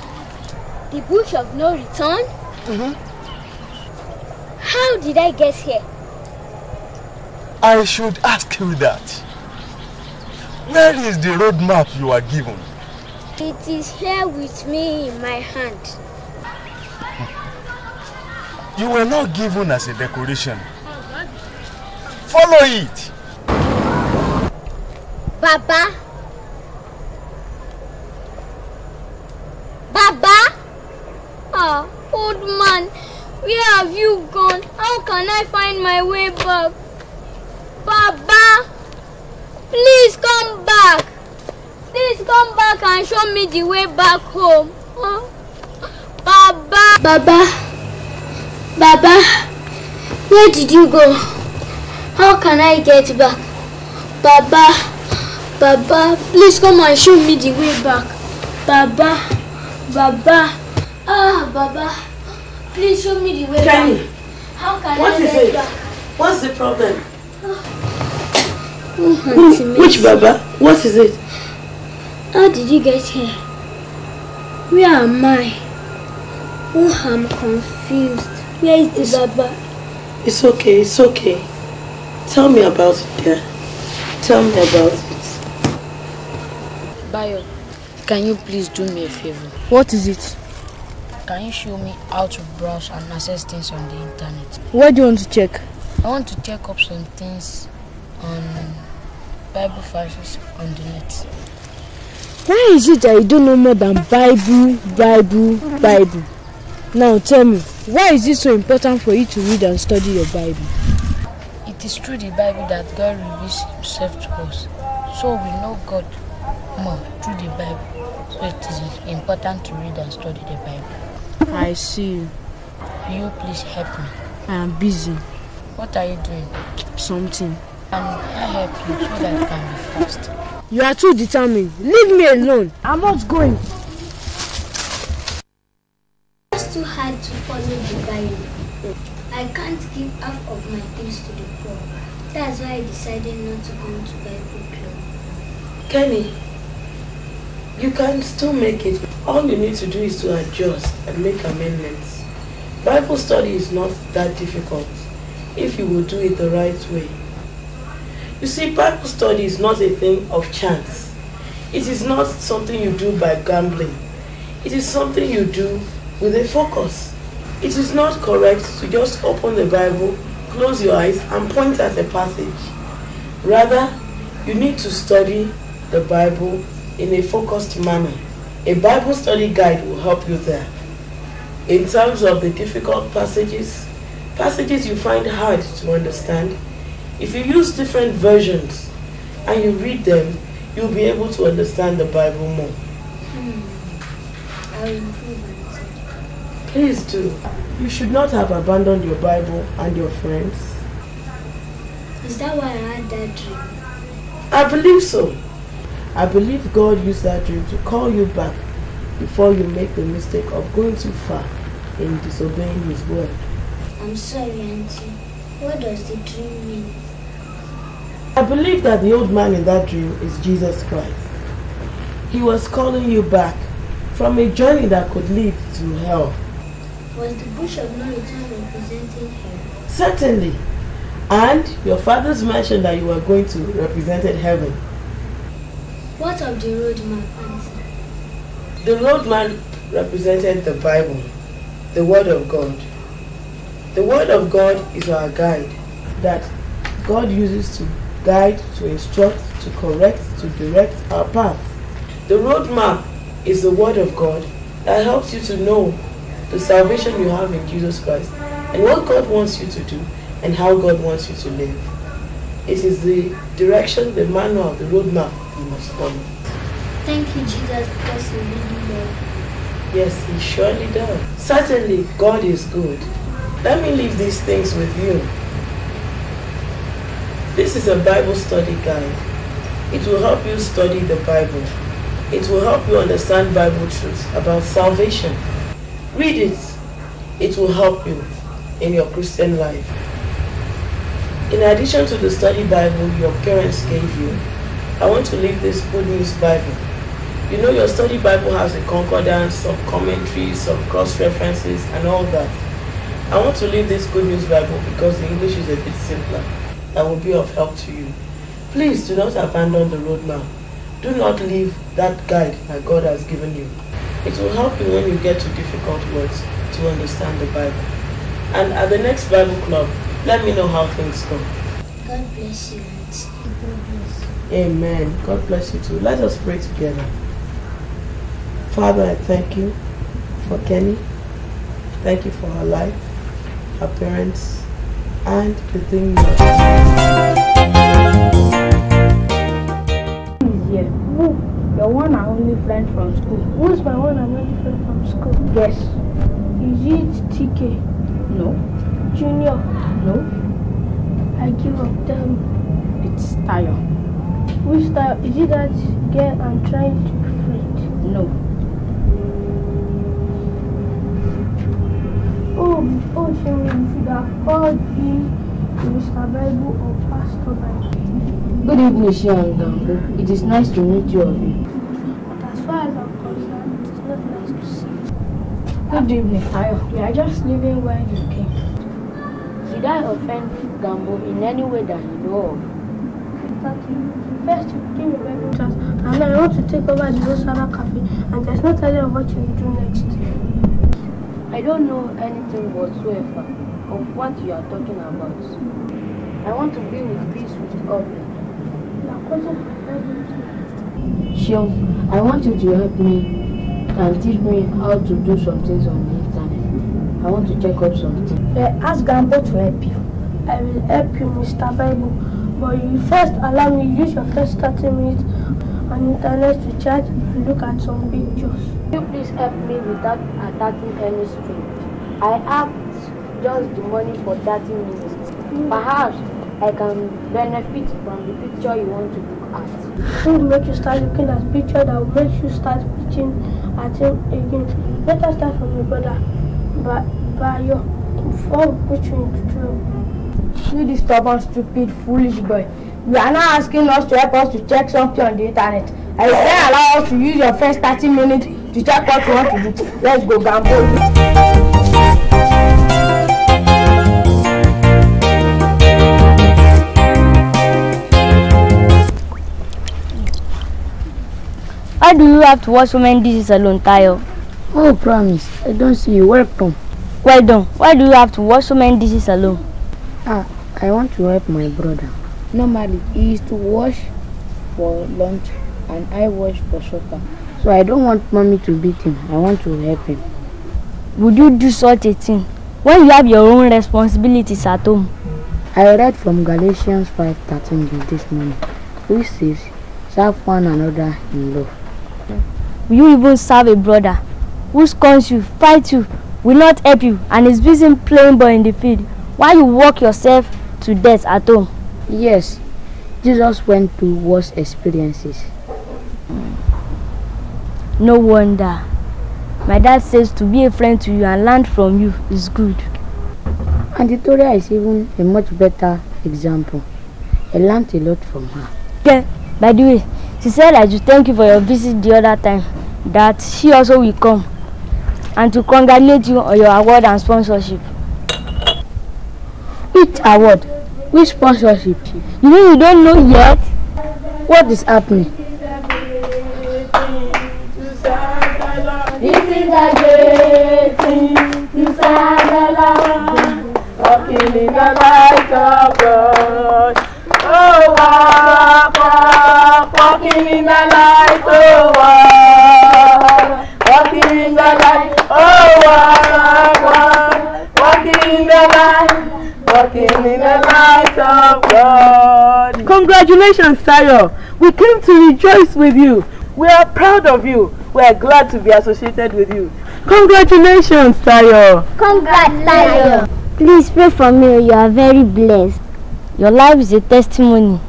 The bush of no return? Mm-hmm. How did I get here? I should ask you that. Where is the road map you are given? It is here with me in my hand. Hmm. You were not given as a decoration. Follow it. Baba. Baba. Ah, old man, where have you gone? How can I find my way back? Baba, please come back. Please come back and show me the way back home. Huh? Ah, Baba. Baba. Baba, where did you go? How can I get back? Baba, Baba, please come and show me the way back. Baba, Baba. Ah, Baba, please show me the way back. How can what I is it? Back? What's the problem? Who, hmm, which Baba? What is it? How did you get here? Where am I? Oh, I'm confused. Where is the it's, Baba? It's okay, it's okay. Tell me about it, dear. Tell me about it. Bayo, can you please do me a favor? What is it? Can you show me how to browse and access things on the internet? What do you want to check? I want to check up some things on Bible verses on the net. Why is it that you don't know more than Bible, Bible, Bible? Now tell me, why is it so important for you to read and study your Bible? It is through the Bible that God reveals Himself to us. So we know God more through the Bible. So it is important to read and study the Bible. I see. Can you please help me? I am busy. What are you doing? Something. Can I help you so that I can be fast. You are too determined. Leave me alone. I'm not going. It's too hard to follow the Bible. I can't give half of my things to the poor. That's why I decided not to come to Bible club. Kemi, You can still make it. All you need to do is to adjust and make amendments. Bible study is not that difficult if you will do it the right way. You see, Bible study is not a thing of chance. It is not something you do by gambling. It is something you do with a focus. It is not correct to just open the Bible, close your eyes, and point at a passage. Rather, you need to study the Bible in a focused manner. A Bible study guide will help you there. In terms of the difficult passages, passages you find hard to understand, if you use different versions and you read them, you'll be able to understand the Bible more. Hmm. I'll improve myself. Please do. You should not have abandoned your Bible and your friends. Is that why I had that dream? I believe so. I believe God used that dream to call you back before you make the mistake of going too far in disobeying His word. I'm sorry, Auntie. What does the dream mean? I believe that the old man in that dream is Jesus Christ. He was calling you back from a journey that could lead to hell. Was the bush of no return representing hell? Certainly. And your fathers mentioned that you were going to represent heaven. What of the roadmap? The roadmap represented the Bible, the Word of God. The Word of God is our guide that God uses to guide, to instruct, to correct, to direct our path. The roadmap is the Word of God that helps you to know the salvation you have in Jesus Christ and what God wants you to do and how God wants you to live. It is the direction, the manual, the roadmap Thank you, Jesus, because you really does. Yes, he surely does. Certainly, God is good. Let me leave these things with you. This is a Bible study guide. It will help you study the Bible. It will help you understand Bible truths about salvation. Read it. It will help you in your Christian life. In addition to the study Bible your parents gave you, I want to leave this Good News Bible. You know, your study Bible has a concordance, some commentaries, some cross references, and all that. I want to leave this Good News Bible because the English is a bit simpler. That will be of help to you. Please do not abandon the roadmap. Do not leave that guide that God has given you. It will help you when you get to difficult words to understand the Bible. And at the next Bible club, let me know how things go. God bless you. Amen. God bless you too. Let us pray together. Father, I thank you for Kenny. Thank you for her life, her parents, and the thing have Who? Your one and only friend from school. Who's my one and only friend from school? Yes. Is it TK? No. Junior? No. I give up them. It's Tayo. Which style? Is it that girl I'm trying to befriend? No. Oh, oh, Sherry, you should have called him Mr. Bible or Pastor Bible. Good evening, Shiangango. It is nice to meet you all. But as far as I'm concerned, it's not nice to see Good evening, Tayo. We are just leaving where you came. Did I offend Gambo in any way that you know of? First, you give me trust, and then I want to take over the Rosara Cafe, and there's no telling what you will do next. I don't know anything whatsoever of what you are talking about. I want to be with peace with others. Shion, I want you to help me and teach me how to do some things on the internet. I want to check up something. Uh, ask Gambo to help you. I will help you, Mr. Bible. But you first allow me use your first 30 minutes on internet to chat and look at some pictures. Will you please help me without attacking any street? I asked just the money for 30 minutes. Hmm. Perhaps I can benefit from the picture you want to look at. It will make you start looking at picture that will make you start pitching at him again. Let us start from your brother, by your phone, put you into trouble. See this stubborn, stupid, foolish boy. You are now asking us to help us to check something on the internet. I say allow us to use your first 30 minutes to check what you want to do. Let's go, gamble. Why do you have to watch so many diseases alone, Tayo? Oh, promise. I don't see you. Welcome. Well done. Why do you have to watch so many diseases alone? Ah, I want to help my brother. Normally, he is to wash for lunch and I wash for supper. So I don't want mommy to beat him. I want to help him. Would you do such a thing when you have your own responsibilities at home? I read from Galatians 5:13 this morning, which says, "Serve one another in love." Will you even serve a brother who scorns you, fights you, will not help you, and is busy playing ball in the field? Why you work yourself to death at home. Yes, Jesus went through worse experiences. Mm. No wonder. My dad says to be a friend to you and learn from you is good. And Victoria is even a much better example. I learned a lot from her. Yeah, by the way, she said I should thank you for your visit the other time, that she also will come, and to congratulate you on your award and sponsorship. Which award? Which sponsorship? You mean you don't know yet? What is happening? walking in the light, oh, walking in the light, oh, walking in the light walking in the light of God. Congratulations, Tayo. We came to rejoice with you. We are proud of you. We are glad to be associated with you. Congratulations, Tayo. Congratulations. Please pray for me. You are very blessed. Your life is a testimony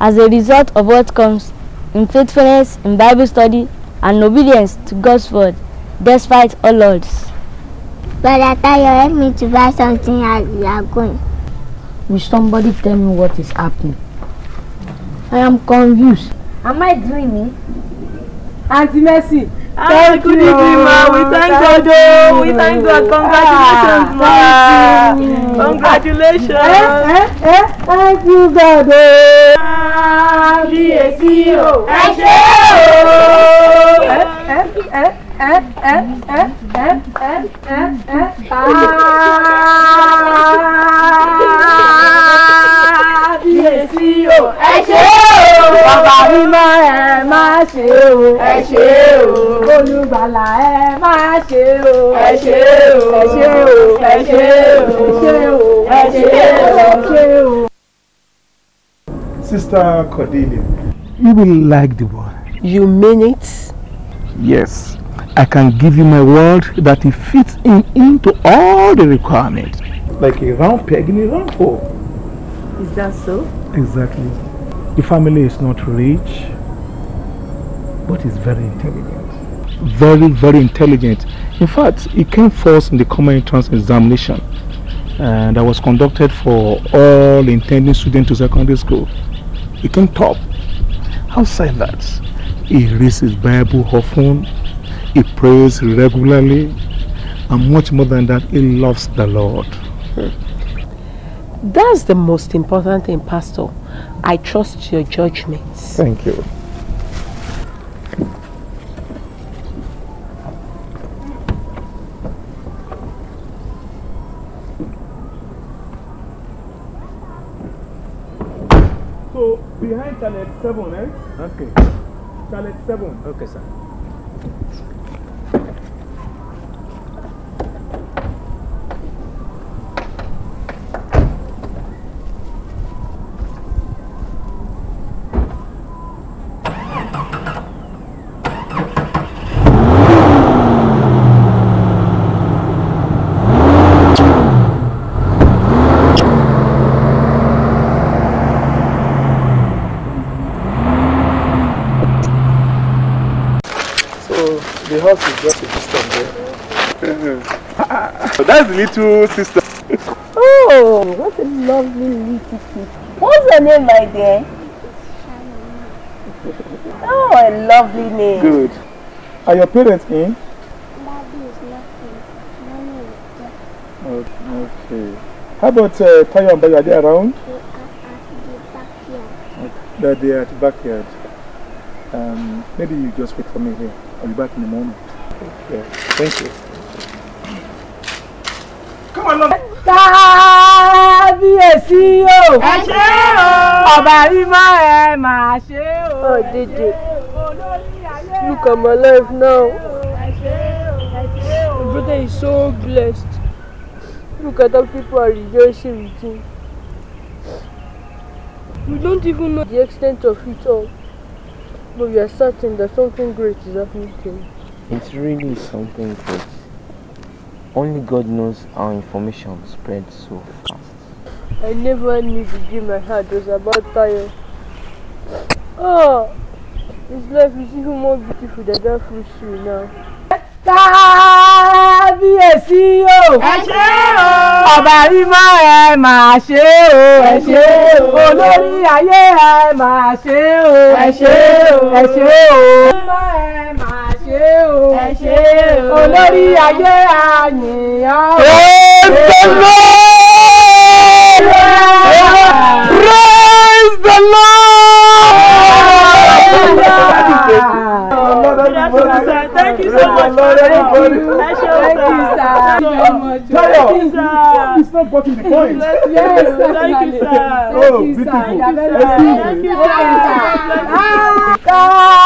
as a result of what comes in faithfulness, in Bible study, and obedience to God's word, despite all odds. Brother Tayo, help me to buy something as we are going. Will somebody tell me what is happening? I am confused. Am I dreaming? Auntie Mercy, ah, thank, thank you, you ma. We thank, God. Oh. we thank God. Congratulations, ah, ma. Congratulations. Eh, eh, eh, Thank you, God. Kábíyèsí oh. ah, o. Oh. Ẹ ṣé o. Eh, eh, eh kábíyèsí o ẹ ṣe o bàbá mímọ́ ẹ má ṣe o ẹ ṣe o olùgbàlà ẹ má ṣe o ẹ ṣe o ẹ ṣe o ẹ ṣe o ẹ ṣe o ẹ ṣe o. Sister Cordelia, you will like the boy. You mean it? Yes. I can give you my word that it fits in into all the requirements. Like a round peg in a round hole. Is that so? Exactly. The family is not rich, but is very intelligent. Very, very intelligent. In fact, it came first in the common entrance examination and that was conducted for all intending students to secondary school. It came top. Outside that, he reads his Bible often he prays regularly. And much more than that, he loves the Lord. That's the most important thing, Pastor. I trust your judgments. Thank you. So, behind Charlotte 7, eh? Okay. Charlotte 7. Okay, sir. the little sister. Oh, what a lovely little sister. What's her name, my dear? Oh, a lovely name. Good. Are your parents in? Daddy is not Mommy is oh, Okay. How about uh, Tayo and Bayo? Are they around? They are at the backyard. They are at the backyard. Um, maybe you just wait for me here. I'll be back in the morning. Okay. Thank you. lọ. kábíyèsí o. ẹ ṣé o. ọba rímọ ẹ máa ṣe o. òdìdì look at my life now. My brother is so blessed. Look at how people are rejoicing with him. We don't even know the extent of it all, but we are certain that something great is happening to him. It's really something great. Only God knows how information spreads so fast. I never knew the dream I had was about Tayo. Oh, ah! this life is even more beautiful than that fool shoe now. Kábíyèsí o! Ẹ ṣé o! Ọba rímọ́ ẹ máa ṣe o! Ẹ ṣé o! Olórí ayé ẹ máa ṣe o! Ẹ ṣé o! Ẹ ṣé o! Rímọ́ ẹ máa ṣe o ẹ ṣe o olórí Thank you ẹ̀ẹ́dẹ́gbẹ́. Praise the Lord. Thank you so much. Thank you. sir. Thank you, sir. Thank you, sir. It's not blocking the point. Yes, thank you, sir. Oh, beautiful. Thank you, sir. Thank you, sir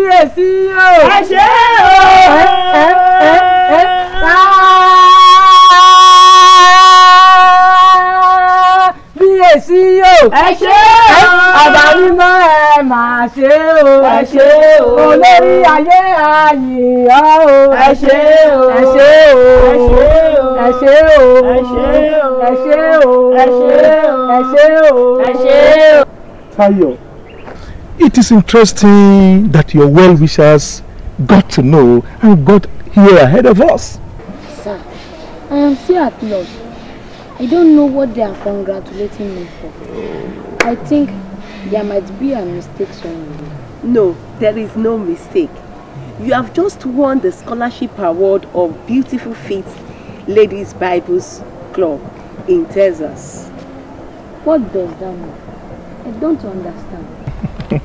kábíyèsí o. ẹ ṣe o. kábíyèsí o. ẹ ṣe o. ọba mímọ́ ẹ máa ṣe o. ẹ ṣe o. olórí ayé àyìnbá o. ẹ ṣe o. ẹ ṣe o. ẹ ṣe o. ẹ ṣe o. ẹ ṣe o. ẹ ṣe o. ẹ ṣe o. ẹ ṣe o. Táyọ̀. It is interesting that your well wishers got to know and got here ahead of us. Sir, I am still at loss. I don't know what they are congratulating me for. I think there might be a mistake somewhere. No, there is no mistake. You have just won the scholarship award of Beautiful Feet Ladies Bibles Club in Texas. What does that mean? I don't understand.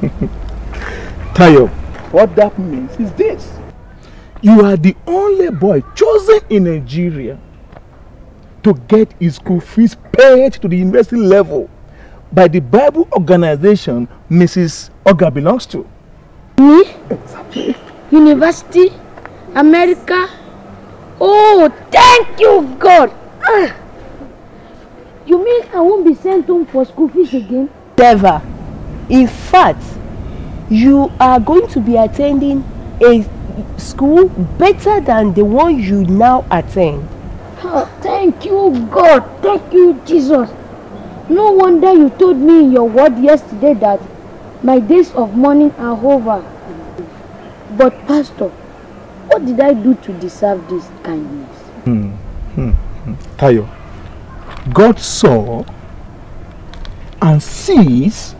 Tayo, what that means is this. You are the only boy chosen in Nigeria to get his school fees paid to the university level by the Bible organization Mrs. Oga belongs to. Me? Exactly. University? America? Oh, thank you, God! Ah. You mean I won't be sent home for school fees again? Never in fact you are going to be attending a school better than the one you now attend. Oh, thank you God thank you Jesus no wonder you told me in your word yesterday that my days of mourning are over but pastor what did I do to deserve this kindness. Hmm. Hmm. Hmm. Tayo God saw and sees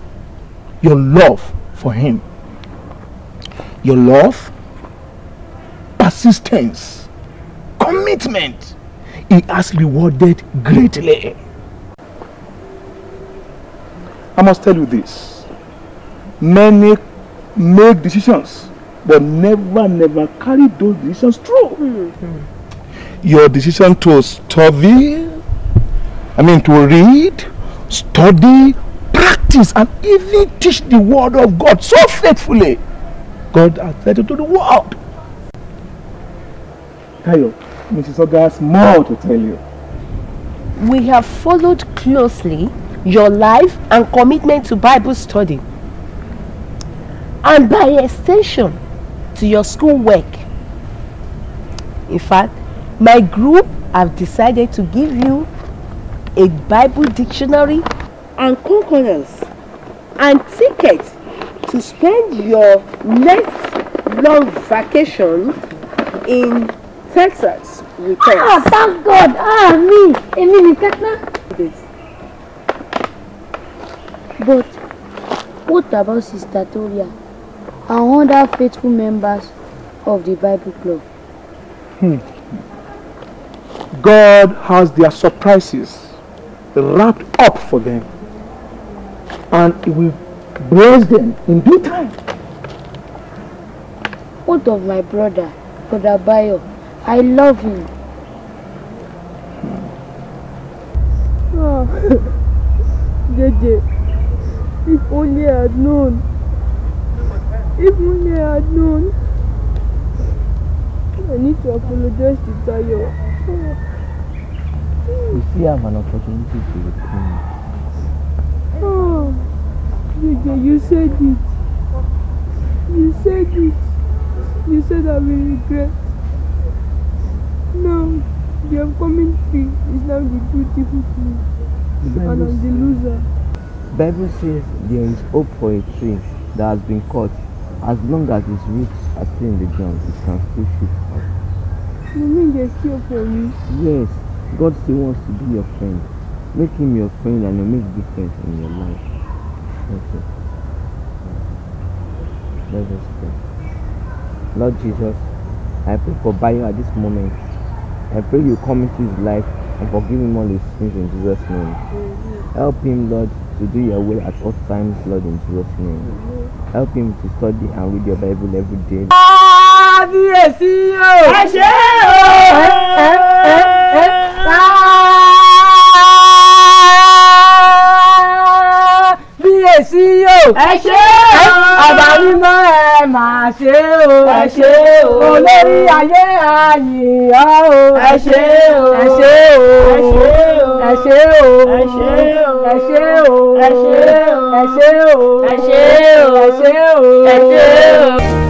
your love for Him, your love, persistence, commitment. He has rewarded greatly. I must tell you this. Many make decisions, but never, never carry those decisions through. Mm -hmm. Your decision to study, I mean to read, study, things and even teach the word of God so faithfully. God has said it to the world. Mrs. Oga has more to tell you. We have followed closely your life and commitment to Bible study. And by extension, to your school work. In fact, my group have decided to give you a Bible dictionary and concordance and tickets to spend your next long vacation in Texas with us. Ah, thank God! Ah, me! Èmi me, náà. But what about Sister Toria and other faithful members of the Bible Club? Hmm. God has their surprises wrapped up for them. and it will bless them in due time. What of my brother, Brother Bayo? I love him. Ah, Jeje, if only I had known. If only I had known. I need to apologize to Tayo. You see, I have an opportunity to repent. Oh. you said it. You said it. You said I will regret. No, the upcoming tree is now the beautiful tree. And I'm the loser. Bible says there is hope for a tree that has been cut. As long as its roots are still in the ground, it can still shoot up. You mean there's still for me? Yes, God still wants to be your friend. Make him your friend and make difference in your life. Okay. Let us pray. Lord Jesus, I pray for Bayo at this moment. I pray you come into his life and forgive him all his sins in Jesus' name. Help him, Lord, to do your will at all times, Lord, in Jesus' name. Help him to study and read your Bible every day. Ah, yes, Ẹ o. ẹ ṣé o. àgbà mímọ́ ẹ máa ṣe o. ẹ ṣé o. olórí ayé àyìn ọ́ o. ẹ ṣé o. ẹ ṣé o. ẹ ṣé o. ẹ ṣé o. ẹ ṣé o. ẹ ṣé o. ẹ ṣé o. ẹ ṣé o. ẹ ṣé o.